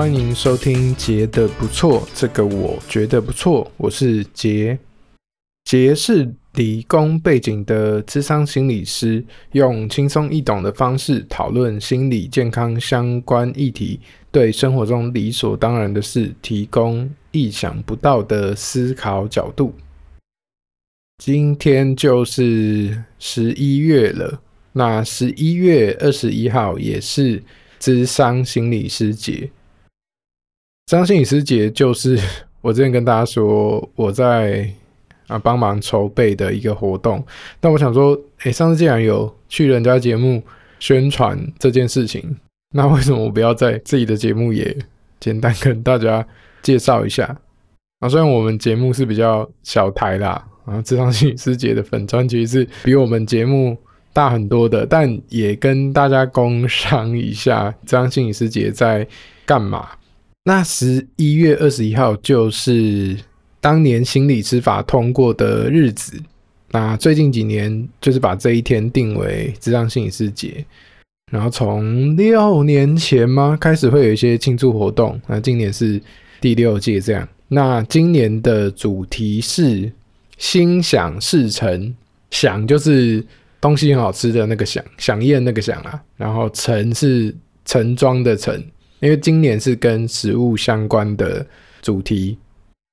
歡迎收聽傑的不錯，這個我覺得不錯。我是杰，杰是理工背景的諮商心理師，用輕鬆易懂的方式討論心理健康相關議題，對生活中理所當然的事提供意想不到的思考角度。今天就是十一月了，那十一月二十一號也是諮商心理師節。諮商心理師節就是我之前跟大家說我在啊幫忙籌備的一個活動，但我想說，誒、欸，上次既然有去人家節目宣傳這件事情，那為什麼我不要在自己的節目也簡單跟大家介紹一下？啊，雖然我們節目是比較小台啦，啊，這諮商心理師節的粉專其實是比我們節目大很多的，但也跟大家工商一下諮商心理師節在幹嘛。那十一月二十一號就是當年心理師法通過的日子。那最近幾年就是把這一天定為諮商心理師節。然後從六年前嘛開始會有一些慶祝活動。那今年是第六屆這樣。那今年的主題是心想事成。饗就是東西很好吃的那個饗，饗宴那個饗啊。然後盛是盛裝的盛。因為今年是跟食物相關的主題，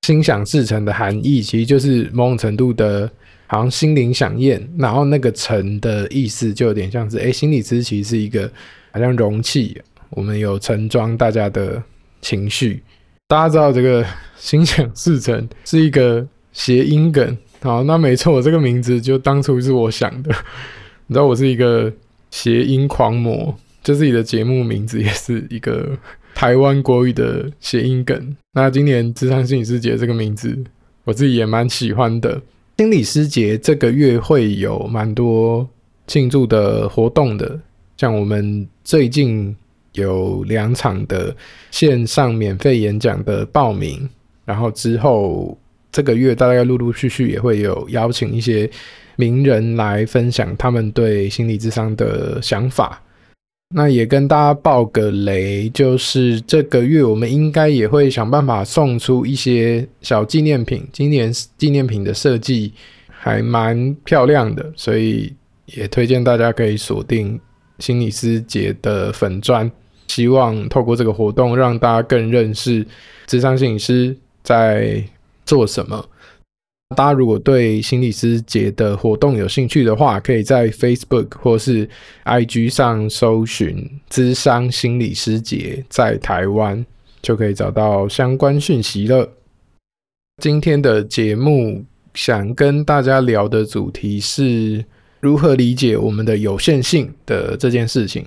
心想事成的含義其實就是某種程度的，好像心靈饗宴。然後那個“成”的意思就有點像是，哎，心理師其實是一個好像容器，我們有盛裝大家的情緒。大家知道這個“心想事成”是一個諧音梗，好，那沒錯，我這個名字就當初是我想的。你知道我是一個諧音狂魔。就自己的節目名字也是一個台灣國語的諧音梗。那今年諮商心理師節這個名字，我自己也蠻喜歡的。心理師節這個月會有蠻多慶祝的活動的，像我們最近有兩場的線上免費演講的報名，然後之後這個月大概陸陸續續也會有邀請一些名人來分享他們對心理諮商的想法。那也跟大家爆個雷，就是這個月我們應該也會想辦法送出一些小紀念品。今年紀念品的設計還蠻漂亮的，所以也推薦大家可以鎖定心理師節的粉專，希望透過這個活動讓大家更認識諮商心理師在做什麼。大家如果對心理師節的活動有興趣的話，可以在 Facebook 或是 IG 上搜尋“諮商心理師節”在台灣，就可以找到相關訊息了。今天的節目想跟大家聊的主題是如何理解我們的有限性的這件事情。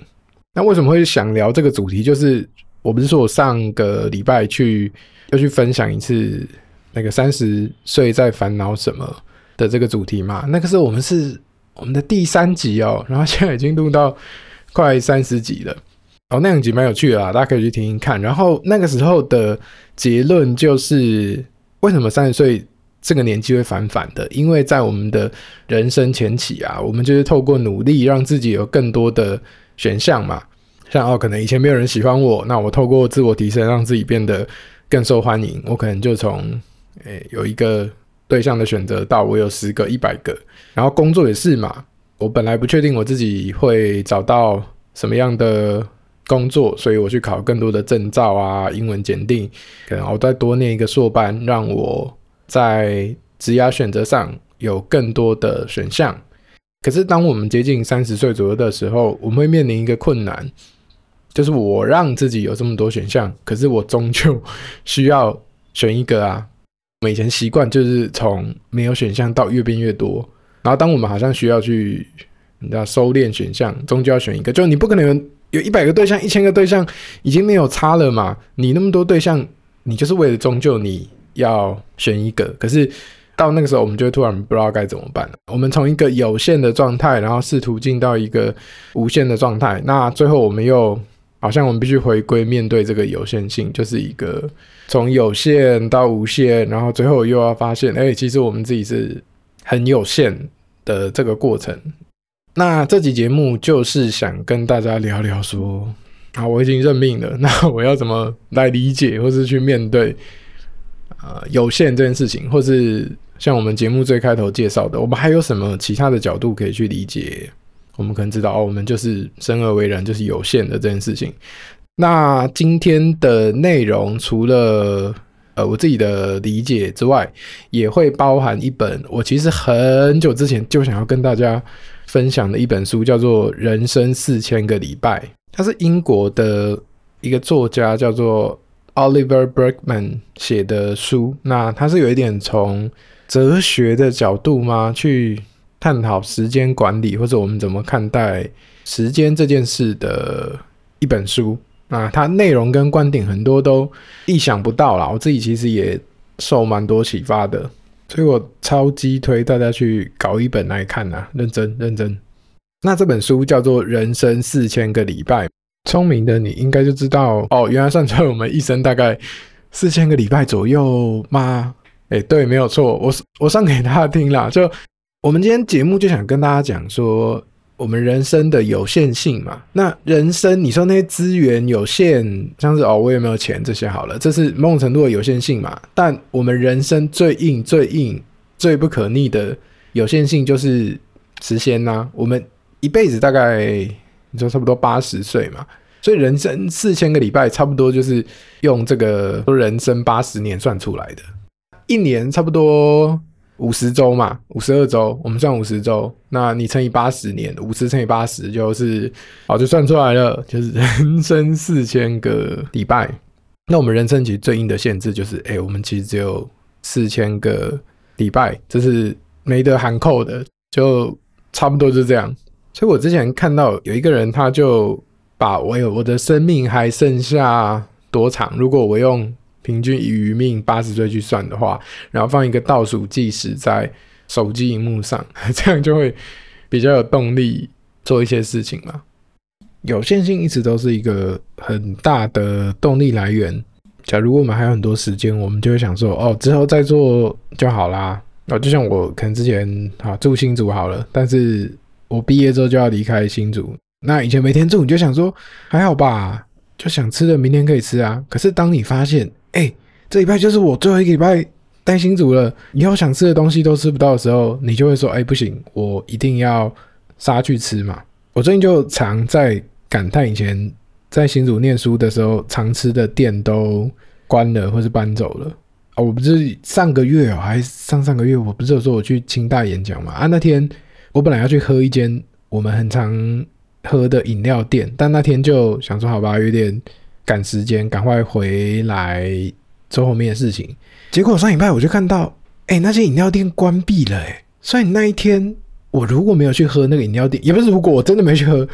那為什麼會想聊這個主題？就是我不是說我上個禮拜去要去分享一次。那個三十歲在煩惱什麼的這個主題嘛，那個時候我們是我們的第三集哦，然後現在已經錄到快三十集了，哦，那兩集蠻有趣的啦，大家可以去聽聽看。然後那個時候的結論就是，為什麼三十歲這個年紀會反反的？因為在我們的人生前期啊，我們就是透過努力讓自己有更多的選項嘛，像哦，可能以前沒有人喜歡我，那我透過自我提升讓自己變得更受歡迎，我可能就從誒、欸，有一個對象的選擇到，到我有十個、一百個，然後工作也是嘛。我本來不確定我自己會找到什麼樣的工作，所以我去考更多的證照啊，英文檢定，然後再多念一個碩班，讓我在職業選擇上有更多的選項。可是，當我們接近三十歲左右的時候，我們會面臨一個困難，就是我讓自己有這麼多選項，可是我終究需要選一個啊。我們以前習慣就是從沒有選項到越變越多，然後當我們好像需要去，你知道收斂選項，終究要選一個，就你不可能有有一百個對象、一千個對象已經沒有差了嘛？你那麼多對象，你就是為了終究你要選一個，可是到那個時候，我們就突然不知道該怎麼辦了。我們從一個有限的狀態，然後試圖進到一個無限的狀態，那最後我們又。好像我們必須回歸面對這個有限性，就是一個從有限到無限，然後最後又要發現，哎、欸，其實我們自己是很有限的這個過程。那這集節目就是想跟大家聊聊說，啊，我已經認命了，那我要怎麼來理解，或是去面對，呃，有限這件事情，或是像我們節目最開頭介紹的，我們還有什麼其他的角度可以去理解？我們可能知道哦，我們就是生而為人就是有限的這件事情。那今天的內容除了呃我自己的理解之外，也會包含一本我其實很久之前就想要跟大家分享的一本書，叫做《人生四千個禮拜》，它是英國的一個作家叫做 Oliver Burkeman 寫的書。那它是有一點從哲學的角度嗎去？探討時間管理，或者我們怎麼看待時間這件事的一本書啊，那它內容跟觀點很多都意想不到啦。我自己其實也受蠻多啟發的，所以我超級推大家去搞一本來看吶、啊，認真認真。那這本書叫做《人生四千個禮拜》，聰明的你應該就知道哦，原來算出來我們一生大概四千個禮拜左右嗎？誒、欸，對，沒有錯，我我上給大家聽啦。就。我們今天節目就想跟大家講說，我們人生的有限性嘛。那人生你說那些資源有限，像是哦，我有沒有錢這些好了，這是某種程度的有限性嘛。但我們人生最硬、最硬、最不可逆的有限性就是時間吶、啊。我們一輩子大概你說差不多八十歲嘛，所以人生四千個禮拜，差不多就是用這個說人生八十年算出來的，一年差不多。五十週嘛，五十二週，我們算五十週。那你乘以八十年，五十乘以八十就是，好，就算出來了，就是人生四千個禮拜。那我們人生其實最硬的限制就是，哎，欸，我們其實只有四千個禮拜，這是沒得含扣的，就差不多就這樣。所以我之前看到有一個人，他就把我有、欸、我的生命還剩下多長？如果我用平均以餘命八十歲去算的話，然後放一個倒數計時在手機熒幕上，這樣就會比較有動力做一些事情嘛。有限性一直都是一個很大的動力來源。假如我們還有很多時間，我們就會想說：“哦，之後再做就好啦。”哦，就像我可能之前啊住新竹好了，但是我畢業之後就要離開新竹。那以前每天住，你就想說：“還好吧，就想吃的明天可以吃啊。”可是當你發現，哎、欸，這禮拜就是我最後一個禮拜待新竹了。以後想吃的東西都吃不到的時候，你就會說：哎、欸，不行，我一定要殺去吃嘛！我最近就常在感嘆，以前在新竹念書的時候常吃的店都關了，或是搬走了啊、哦！我不是上個月哦，還上上個月，我不是有說我去清大演講嘛？啊，那天我本來要去喝一間我們很常喝的飲料店，但那天就想說好，好吧，有點。趕時間，趕快回來做後面的事情。結果上禮拜我就看到，哎、欸，那些飲料店關閉了、欸，哎，所以那一天我如果沒有去喝那個飲料店，也不是如果我真的沒去喝，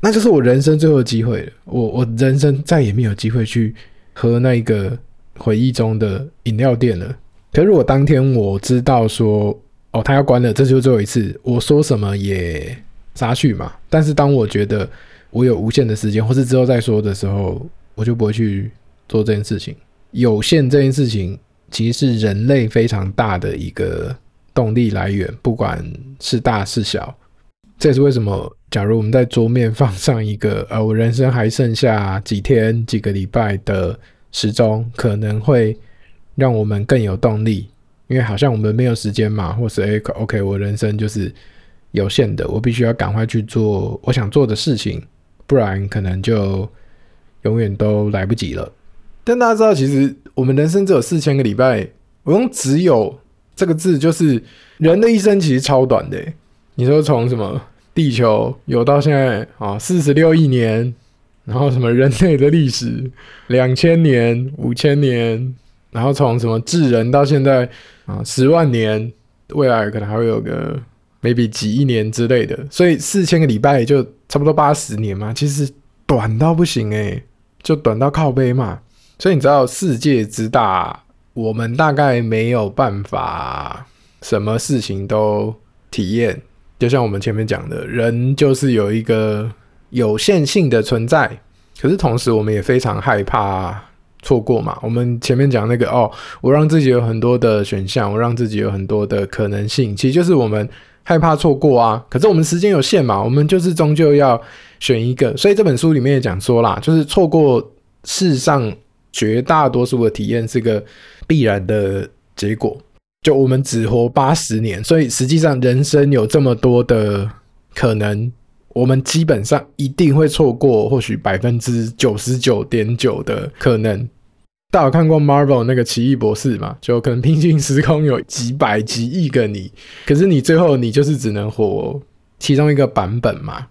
那就是我人生最後的機會了。我我人生再也沒有機會去喝那一個回憶中的飲料店了。可是如果當天我知道說，哦，他要關了，這就最後一次，我說什麼也殺去嘛。但是當我覺得我有無限的時間，或是之後再說的時候。我就不會去做這件事情。有限這件事情其實是人類非常大的一個動力來源，不管是大是小。這也是為什麼，假如我們在桌面放上一個，呃，我人生還剩下幾天幾個禮拜的時鐘，可能會讓我們更有動力，因為好像我們沒有時間嘛，或是哎、欸，OK，我人生就是有限的，我必須要趕快去做我想做的事情，不然可能就。永遠都來不及了。但大家知道，其實我們人生只有四千個禮拜。我用“只有”這個字，就是人的一生其實超短的。你說從什麼地球有到現在啊，四十六億年；然後什麼人類的歷史兩千年、五千年；然後從什麼智人到現在啊，十萬年。未來可能還會有個 maybe 幾億年之類的。所以四千個禮拜就差不多八十年嘛，其實短到不行哎。就短到靠背嘛，所以你知道世界之大，我們大概沒有辦法什麼事情都體驗。就像我們前面講的，人就是有一個有限性的存在。可是同時，我們也非常害怕錯過嘛。我們前面講那個哦，我讓自己有很多的選項，我讓自己有很多的可能性，其實就是我們。害怕錯過啊，可是我們時間有限嘛，我們就是終究要選一個。所以這本書裡面也講說啦，就是錯過世上絕大多數的體驗是個必然的結果。就我們只活八十年，所以實際上人生有這麼多的可能，我們基本上一定會錯過，或許百分之九十九點九的可能。大家有看過 Marvel 那個奇異博士嗎？就可能平行時空有幾百、幾億個你，可是你最後你就是只能活其中一個版本嘛。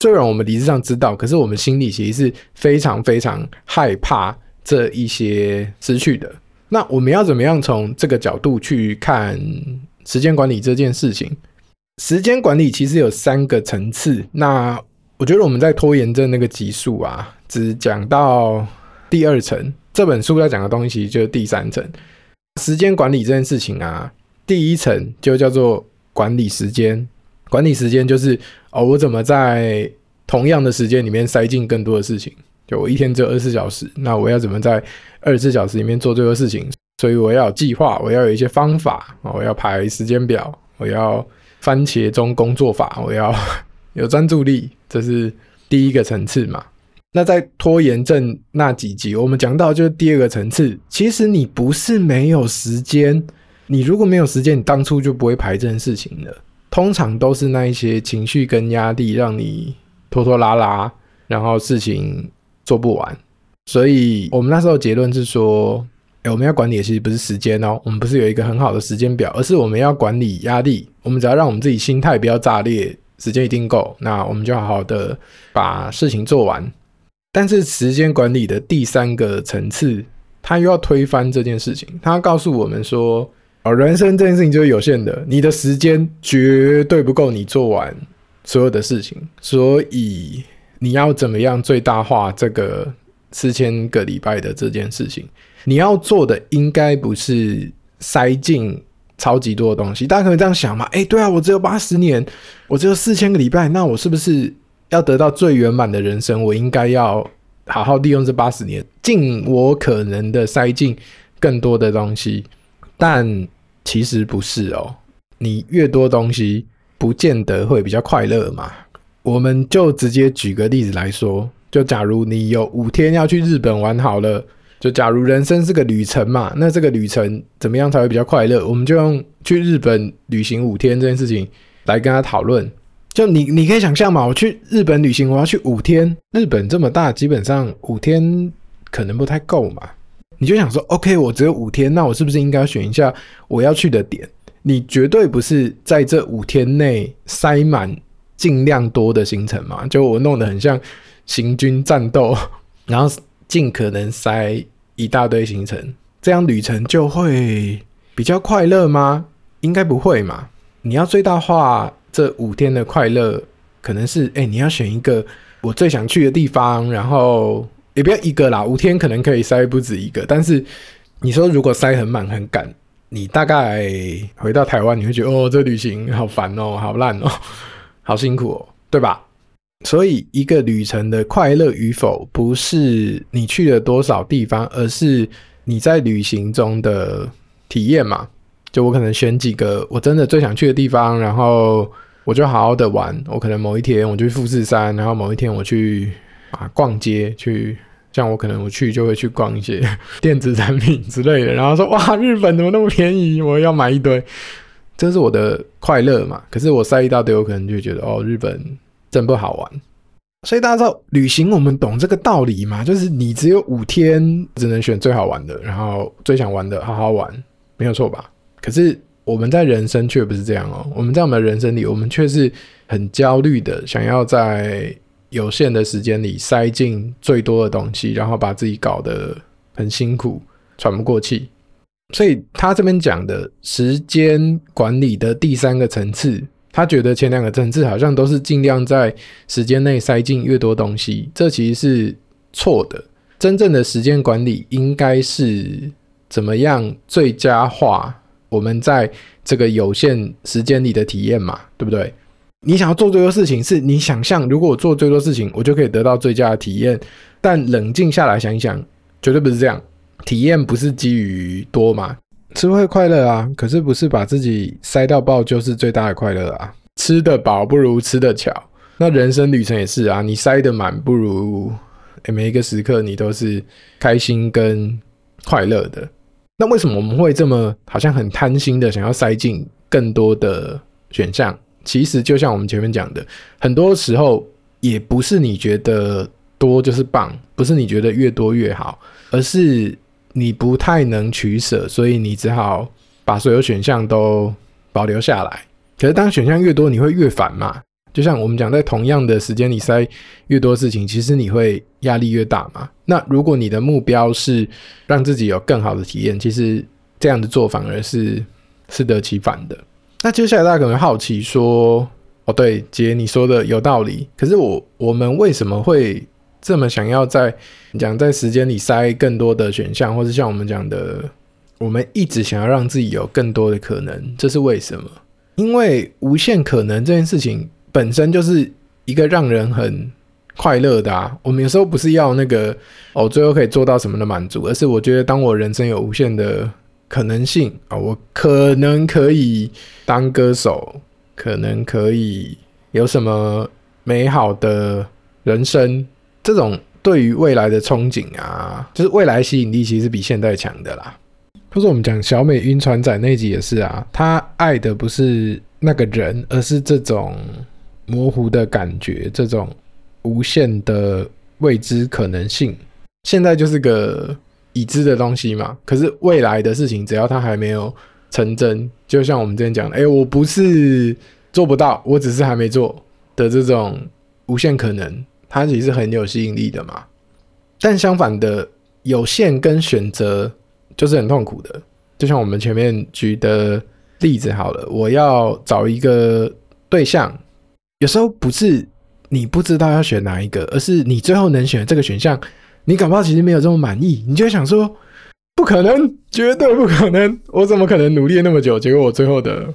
雖然我們理智上知道，可是我們心裡其實是非常非常害怕這一些失去的。那我們要怎麼樣從這個角度去看時間管理這件事情？時間管理其實有三個層次。那我覺得我們在拖延症那個級數啊，只講到第二層。這本書要講的東西就是第三層，時間管理這件事情啊，第一層就叫做管理時間。管理時間就是哦，我怎麼在同樣的時間裡面塞進更多的事情？就我一天只有二十四小時，那我要怎麼在二十四小時裡面做最多事情？所以我要有計劃，我要有一些方法，我要排時間表，我要番茄鐘工作法，我要有專注力，這是第一個層次嘛。那在拖延症那幾集，我們講到就是第二個層次。其實你不是沒有時間，你如果沒有時間，你當初就不會排這件事情了。通常都是那一些情緒跟壓力讓你拖拖拉拉，然後事情做不完。所以我們那時候結論是說，哎，我們要管理的其實不是時間哦，我們不是有一個很好的時間表，而是我們要管理壓力。我們只要讓我們自己心態不要炸裂，時間一定夠。那我們就好好的把事情做完。但是時間管理的第三個層次，他又要推翻這件事情。他告訴我們說：“哦，人生這件事情就是有限的，你的時間絕對不夠你做完所有的事情。所以你要怎麼樣最大化這個四千個禮拜的這件事情？你要做的應該不是塞進超級多的東西。大家可能這樣想嘛？誒、欸，對啊，我只有八十年，我只有四千個禮拜，那我是不是？”要得到最圓滿的人生，我應該要好好利用這八十年，盡我可能的塞進更多的東西。但其實不是哦，你越多東西，不見得會比較快樂嘛。我們就直接舉個例子來說，就假如你有五天要去日本玩好了，就假如人生是個旅程嘛，那這個旅程怎麼樣才會比較快樂？我們就用去日本旅行五天這件事情來跟他討論。就你，你可以想象嘛，我去日本旅行，我要去五天，日本這麼大，基本上五天可能不太夠嘛。你就想說，OK，我只有五天，那我是不是應該選一下我要去的點？你絕對不是在這五天內塞滿盡量多的行程嘛？就我弄得很像行軍戰鬥，然後盡可能塞一大堆行程，這樣旅程就會比較快樂嗎？應該不會嘛。你要最大化。這五天的快樂，可能是哎、欸，你要選一個我最想去的地方，然後也不要一個啦，五天可能可以塞不止一個，但是你說如果塞很滿很趕，你大概回到台灣，你會覺得哦，這旅行好煩哦，好爛哦，好辛苦哦，對吧？所以一個旅程的快樂與否，不是你去了多少地方，而是你在旅行中的體驗嘛。就我可能選幾個我真的最想去的地方，然後我就好好的玩。我可能某一天我去富士山，然後某一天我去啊逛街去，像我可能我去就會去逛一些電子產品之類的，然後說哇，日本怎麼那麼便宜，我要買一堆，這是我的快樂嘛。可是我塞一大堆，我可能就覺得哦，日本真不好玩。所以大家知道旅行，我們懂這個道理嘛？就是你只有五天，只能選最好玩的，然後最想玩的，好好玩，沒有錯吧？可是我們在人生卻不是這樣哦。我們在我們的人生裡，我們卻是很焦慮的，想要在有限的時間裡塞進最多的東西，然後把自己搞得很辛苦、喘不過氣。所以他這邊講的時間管理的第三個層次，他覺得前兩個層次好像都是盡量在時間內塞進越多東西，這其實是錯的。真正的時間管理應該是怎麼樣最佳化？我們在這個有限時間裡的體驗嘛，對不對？你想要做最多事情，是你想象如果我做最多事情，我就可以得到最佳的體驗。但冷靜下來想一想，絕對不是這樣。體驗不是基於多嘛？吃會快樂啊，可是不是把自己塞到爆就是最大的快樂啊？吃得飽不如吃得巧。那人生旅程也是啊，你塞得滿不如，欸、每一個時刻你都是開心跟快樂的。那為什麼我們會這麼好像很貪心的想要塞進更多的選項？其實就像我們前面講的，很多時候也不是你覺得多就是棒，不是你覺得越多越好，而是你不太能取捨，所以你只好把所有選項都保留下來。可是當選項越多，你會越煩嘛。就像我們講，在同樣的時間裡塞越多事情，其實你會壓力越大嘛？那如果你的目標是讓自己有更好的體驗，其實這樣的做法反而是適得其反的。那接下來大家可能好奇說：“哦，對，姐你說的有道理。可是我我們為什麼會這麼想要在講在時間裡塞更多的選項，或是像我們講的，我們一直想要讓自己有更多的可能，這是為什麼？因為無限可能這件事情。”本身就是一個讓人很快樂的啊。我們有時候不是要那個哦，最後可以做到什麼的滿足，而是我覺得，當我人生有無限的可能性啊、哦，我可能可以當歌手，可能可以有什麼美好的人生，這種對於未來的憧憬啊，就是未來吸引力其實比現在強的啦。就是我們講小美暈船仔那集也是啊，她愛的不是那個人，而是這種。模糊的感覺，這種無限的未知可能性，現在就是個已知的東西嘛。可是未來的事情，只要它還沒有成真，就像我們之前講的，欸，我不是做不到，我只是還沒做的這種無限可能，它其實很有吸引力的嘛。但相反的，有限跟選擇就是很痛苦的。就像我們前面舉的例子，好了，我要找一個對象。有時候不是你不知道要選哪一個，而是你最後能選這個選項，你感冒其實沒有這麼滿意，你就會想說不可能，絕對不可能，我怎麼可能努力那麼久，結果我最後的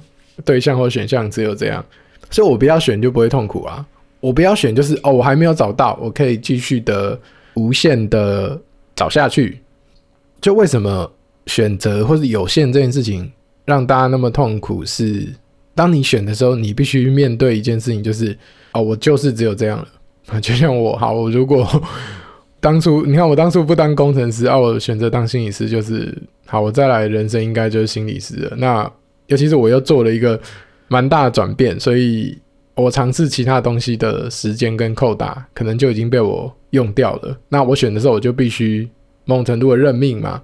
對象或選項只有這樣？所以我不要選就不會痛苦啊，我不要選就是哦，我還沒有找到，我可以繼續的無限的找下去。就為什麼選擇或是有限這件事情讓大家那麼痛苦是？當你選的時候，你必須面對一件事情，就是啊、哦，我就是只有這樣了啊。就像我，好，我如果當初你看我當初不當工程師啊，我選擇當心理師，就是好，我再來人生應該就是心理師了。那尤其是我又做了一個蠻大的轉變，所以我嘗試其他東西的時間跟扣打，可能就已經被我用掉了。那我選的時候，我就必須某種程度的認命嘛。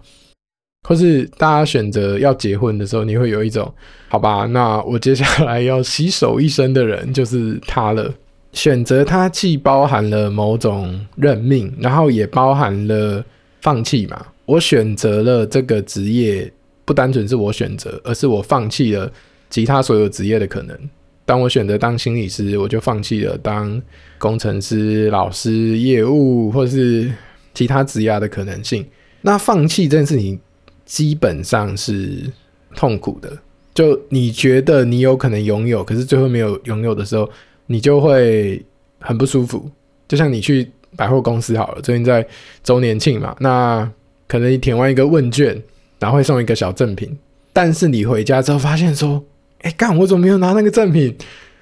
或是大家選擇要結婚的時候，你會有一種好吧，那我接下來要洗手一生的人就是他了。選擇他既包含了某種認命，然後也包含了放棄嘛。我選擇了這個職業，不單純是我選擇，而是我放棄了其他所有職業的可能。當我選擇當心理師，我就放棄了當工程師、老師、業務或是其他職業的可能性。那放棄這件事情。基本上是痛苦的。就你覺得你有可能擁有，可是最後沒有擁有的時候，你就會很不舒服。就像你去百貨公司好了，最近在周年慶嘛，那可能你填完一個問卷，然後會送一個小贈品，但是你回家之後發現說：“哎、欸，幹，我怎麼沒有拿那個贈品？”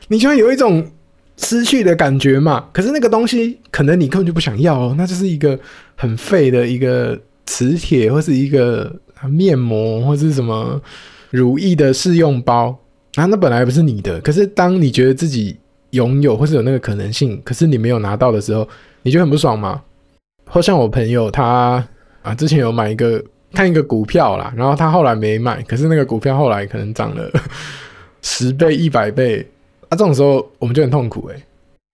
你就會有一種失去的感覺嘛。可是那個東西可能你根本就不想要、喔，哦，那就是一個很廢的一個磁鐵或是一個。啊、面膜或是什麼乳液的試用包啊，那本來不是你的，可是當你覺得自己擁有或是有那個可能性，可是你沒有拿到的時候，你就很不爽嘛。或像我朋友他啊，之前有買一個看一個股票啦，然後他後來沒買，可是那個股票後來可能漲了 十倍、一百倍啊，這種時候我們就很痛苦哎、欸，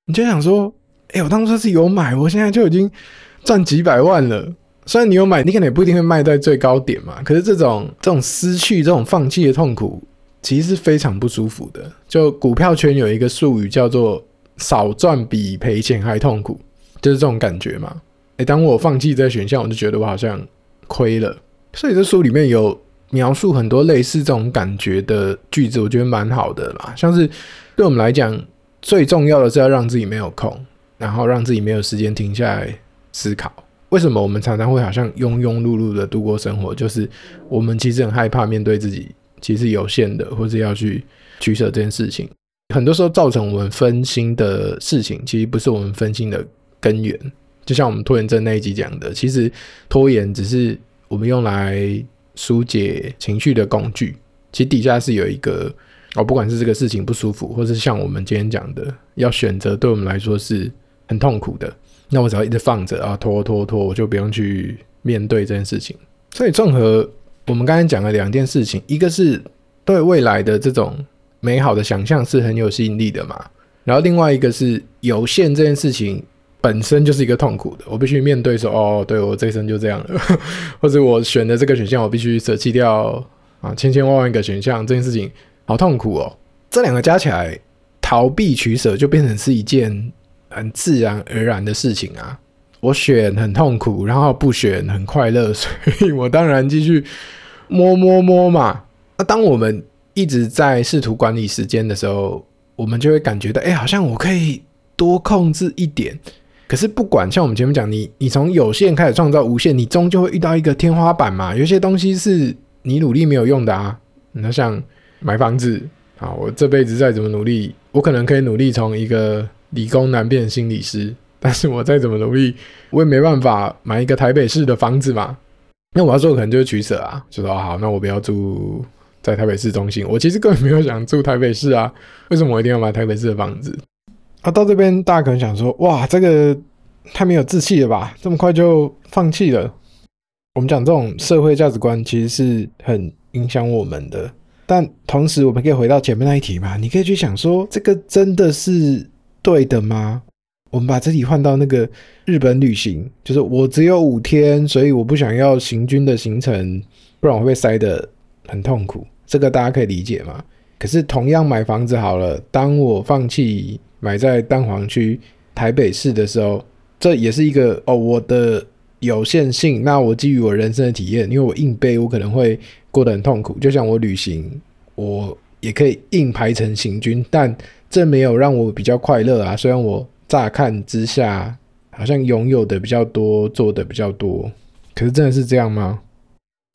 你就想說，哎、欸，我當初是有買，我現在就已經賺幾百萬了。雖然你有買，你可能也不一定會賣在最高點嘛。可是這種這種失去、這種放棄的痛苦，其實是非常不舒服的。就股票圈有一個術語叫做“少賺比賠錢還痛苦”，就是這種感覺嘛。誒、欸，當我放棄這個選項，我就覺得我好像虧了。所以這書裡面有描述很多類似這種感覺的句子，我覺得蠻好的啦。像是對我們來講，最重要的是要讓自己沒有空，然後讓自己沒有時間停下來思考。為什麼我們常常會好像庸庸碌碌的度過生活？就是我們其實很害怕面對自己，其實有限的，或是要去取捨這件事情。很多時候造成我們分心的事情，其實不是我們分心的根源。就像我們拖延症那一集講的，其實拖延只是我們用來疏解情緒的工具，其實底下是有一個哦，不管是這個事情不舒服，或是像我們今天講的要選擇，對我們來說是很痛苦的。那我只要一直放着啊，拖拖拖，我就不用去面對這件事情。所以綜合我們剛才講的兩件事情，一個是對未來的這種美好的想象是很有吸引力的嘛，然後另外一個是有限這件事情本身就是一個痛苦的，我必須面對說，哦，對，我這一生就這樣了， 或者我選的這個選項，我必須捨棄掉啊，千千萬萬一個選項這件事情好痛苦哦。這兩個加起來，逃避取捨就變成是一件。很自然而然的事情啊！我選很痛苦，然後不選很快樂，所以我當然繼續摸摸摸嘛。那、啊、當我們一直在試圖管理時間的時候，我們就會感覺到，哎、欸，好像我可以多控制一點。可是不管像我們前面講，你你從有限開始創造無限，你終究會遇到一個天花板嘛。有些東西是你努力沒有用的啊。那像買房子啊，我這輩子再怎麼努力，我可能可以努力從一個。理工男變心理師，但是我再怎麼努力，我也沒辦法買一個台北市的房子嘛。那我要做的可能就是取捨啊，就說好，那我不要住在台北市中心。我其實根本沒有想住台北市啊，為什麼我一定要買台北市的房子？啊，到這邊大家可能想說，哇，這個太沒有志氣了吧，這麼快就放棄了。我們講這種社會價值觀其實是很影響我們的，但同時我們可以回到前面那一題嘛，你可以去想說，這個真的是。對的嗎？我們把自己換到那個日本旅行，就是我只有五天，所以我不想要行軍的行程，不然我會被塞得很痛苦。這個大家可以理解嗎？可是同樣買房子好了，當我放棄買在蛋黃區台北市的時候，這也是一個哦，我的有限性。那我基於我人生的體驗，因為我硬背我可能會過得很痛苦。就像我旅行，我也可以硬排成行軍，但。這沒有讓我比較快樂啊！雖然我乍看之下好像擁有的比較多，做的比較多，可是真的是這樣嗎？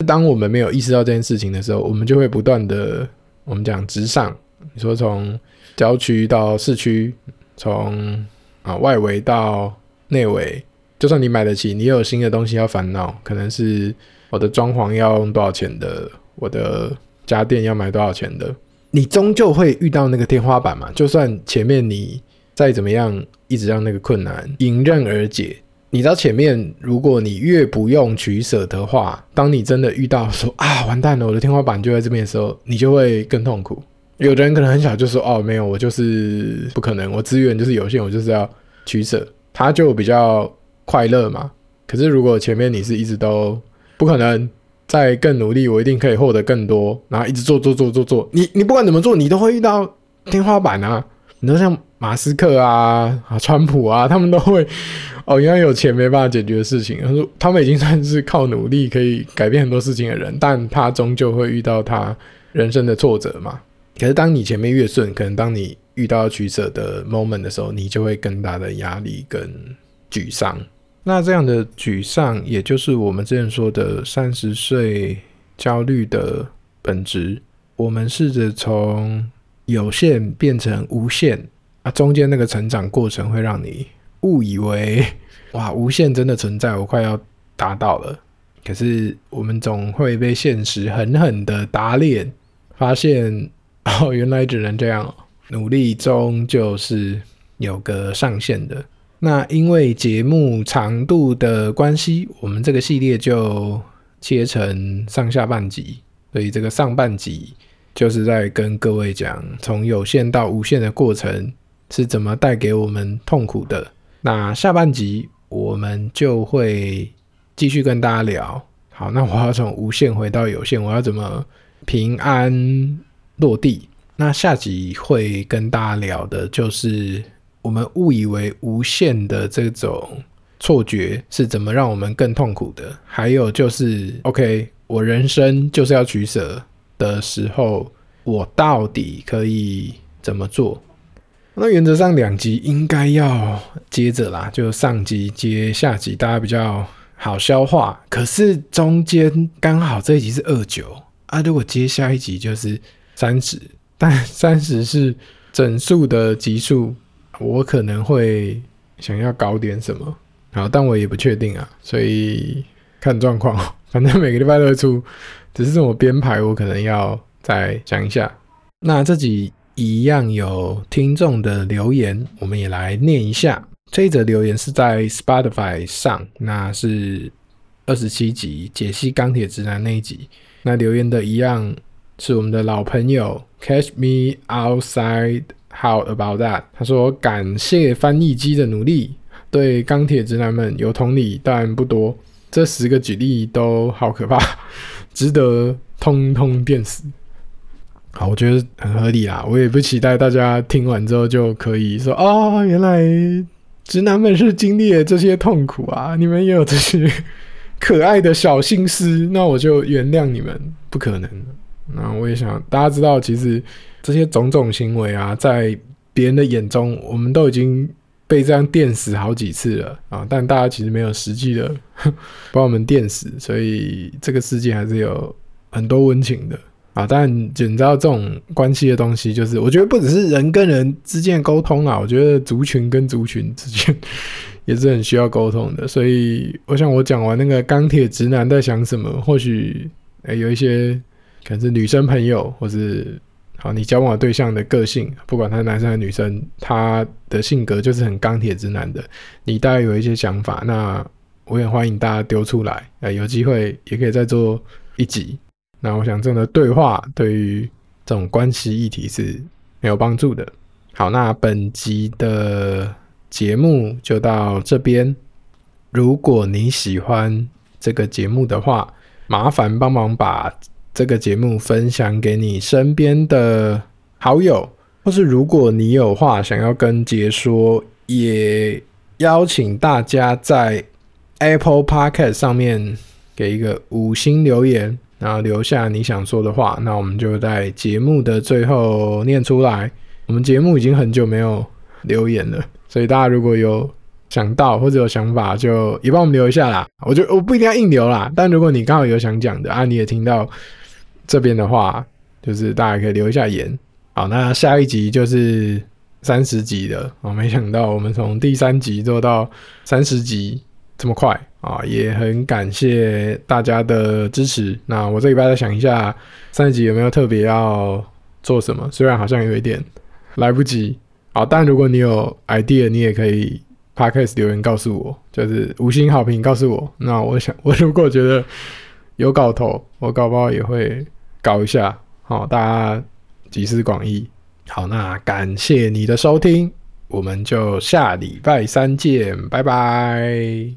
當我們沒有意識到這件事情的時候，我們就會不斷的，我們講直上。你說從郊區到市區，從啊外圍到內圍，就算你買得起，你有新的東西要煩惱，可能是我的裝潢要用多少錢的，我的家電要買多少錢的。你終究會遇到那個天花板嘛。就算前面你再怎麼樣，一直讓那個困難迎刃而解，你知道前面如果你越不用取舍的話，當你真的遇到說啊完蛋了，我的天花板就在這邊的時候，你就會更痛苦。有的人可能很小就說哦沒有，我就是不可能，我資源就是有限，我就是要取舍，他就比較快樂嘛。可是如果前面你是一直都不可能。再更努力，我一定可以獲得更多。然後一直做做做做做，你你不管怎麼做，你都會遇到天花板啊！你都像馬斯克啊、啊川普啊，他們都會，哦，原來有錢沒辦法解決的事情，他說他們已經算是靠努力可以改變很多事情的人，但他終究會遇到他人生的挫折嘛。可是當你前面越順，可能當你遇到取舍的 moment 的時候，你就會更大的壓力跟沮喪。那這樣的沮喪，也就是我們之前說的三十歲焦慮的本質。我們試着從有限變成無限啊，中間那個成長過程會讓你誤以為哇，無限真的存在，我快要達到了。可是我們總會被現實狠狠地打臉，發現哦，原來只能這樣，努力終究是有個上限的。那因為節目長度的關係，我們這個系列就切成上下半集。所以這個上半集就是在跟各位講從有限到無限的過程是怎麼帶給我們痛苦的。那下半集我們就會繼續跟大家聊。好，那我要從無限回到有限，我要怎麼平安落地？那下集會跟大家聊的就是。我們誤以為無限的這種錯覺是怎麼讓我們更痛苦的？還有就是，OK，我人生就是要取捨的時候，我到底可以怎麼做？那原則上兩集應該要接着啦，就上集接下集，大家比較好消化。可是中間剛好這一集是二九啊，如果接下一集就是三十，但三十是整數的集數，我可能會想要搞點什麼，好，但我也不確定啊，所以看狀況。反正每個禮拜都會出，只是這麼編排，我可能要再講一下。那這集一樣有聽眾的留言，我們也來念一下。這一則留言是在 Spotify 上，那是二十七集解析《鋼鐵直男》那一集。那留言的一樣是我們的老朋友 Catch Me Outside。How about that？他說：“感謝翻譯機的努力。”對鋼鐵直男們有同理，但不多。這十個舉例都好可怕，值得通通電死。好，我覺得很合理啦。我也不期待大家聽完之後就可以說：“啊、哦，原來直男們是經歷了這些痛苦啊，你們也有這些可愛的小心思。”那我就原諒你們？不可能。那我也想大家知道，其實這些種種行為啊，在別人的眼中，我們都已經被這樣電死好幾次了啊！但大家其實沒有實際的把我們電死，所以這個世界還是有很多溫情的啊！但講到這種關係的東西，就是我覺得不只是人跟人之間的溝通啊，我覺得族群跟族群之間也是很需要溝通的。所以，我想我講完那個鋼鐵直男在想什麼，或許、欸、有一些。可能是女生朋友，或是好你交往的對象的個性，不管他男生還是女生，他的性格就是很鋼鐵直男的。你大概有一些想法，那我也歡迎大家丟出來。欸，有機會也可以再做一集。那我想這樣的對話對於這種關係議題是沒有幫助的。好，那本集的節目就到這邊。如果你喜歡這個節目的話，麻煩幫忙把這個節目分享給你身邊的好友，或是如果你有話想要跟傑說，也邀請大家在 Apple Podcast 上面給一個五星留言，然後留下你想說的話，那我們就在節目的最後念出來。我們節目已經很久沒有留言了，所以大家如果有想到或者有想法，就也幫我們留一下啦。我就我不一定要硬留啦，但如果你剛好有想講的啊，你也聽到，這邊的話，就是大家可以留一下言。好，那下一集就是三十集的。我、哦、沒想到我們從第三集做到三十集這麼快啊、哦，也很感謝大家的支持。那我這禮拜再想一下，三十集有沒有特別要做什麼？雖然好像有一點來不及啊，但如果你有 idea，你也可以 podcast 留言告訴我，就是五星好評告訴我。那我想，我如果覺得有搞頭，我搞不好也會。搞一下，好，大家集思廣益。好，那感謝你的收聽，我們就下禮拜三見，拜拜。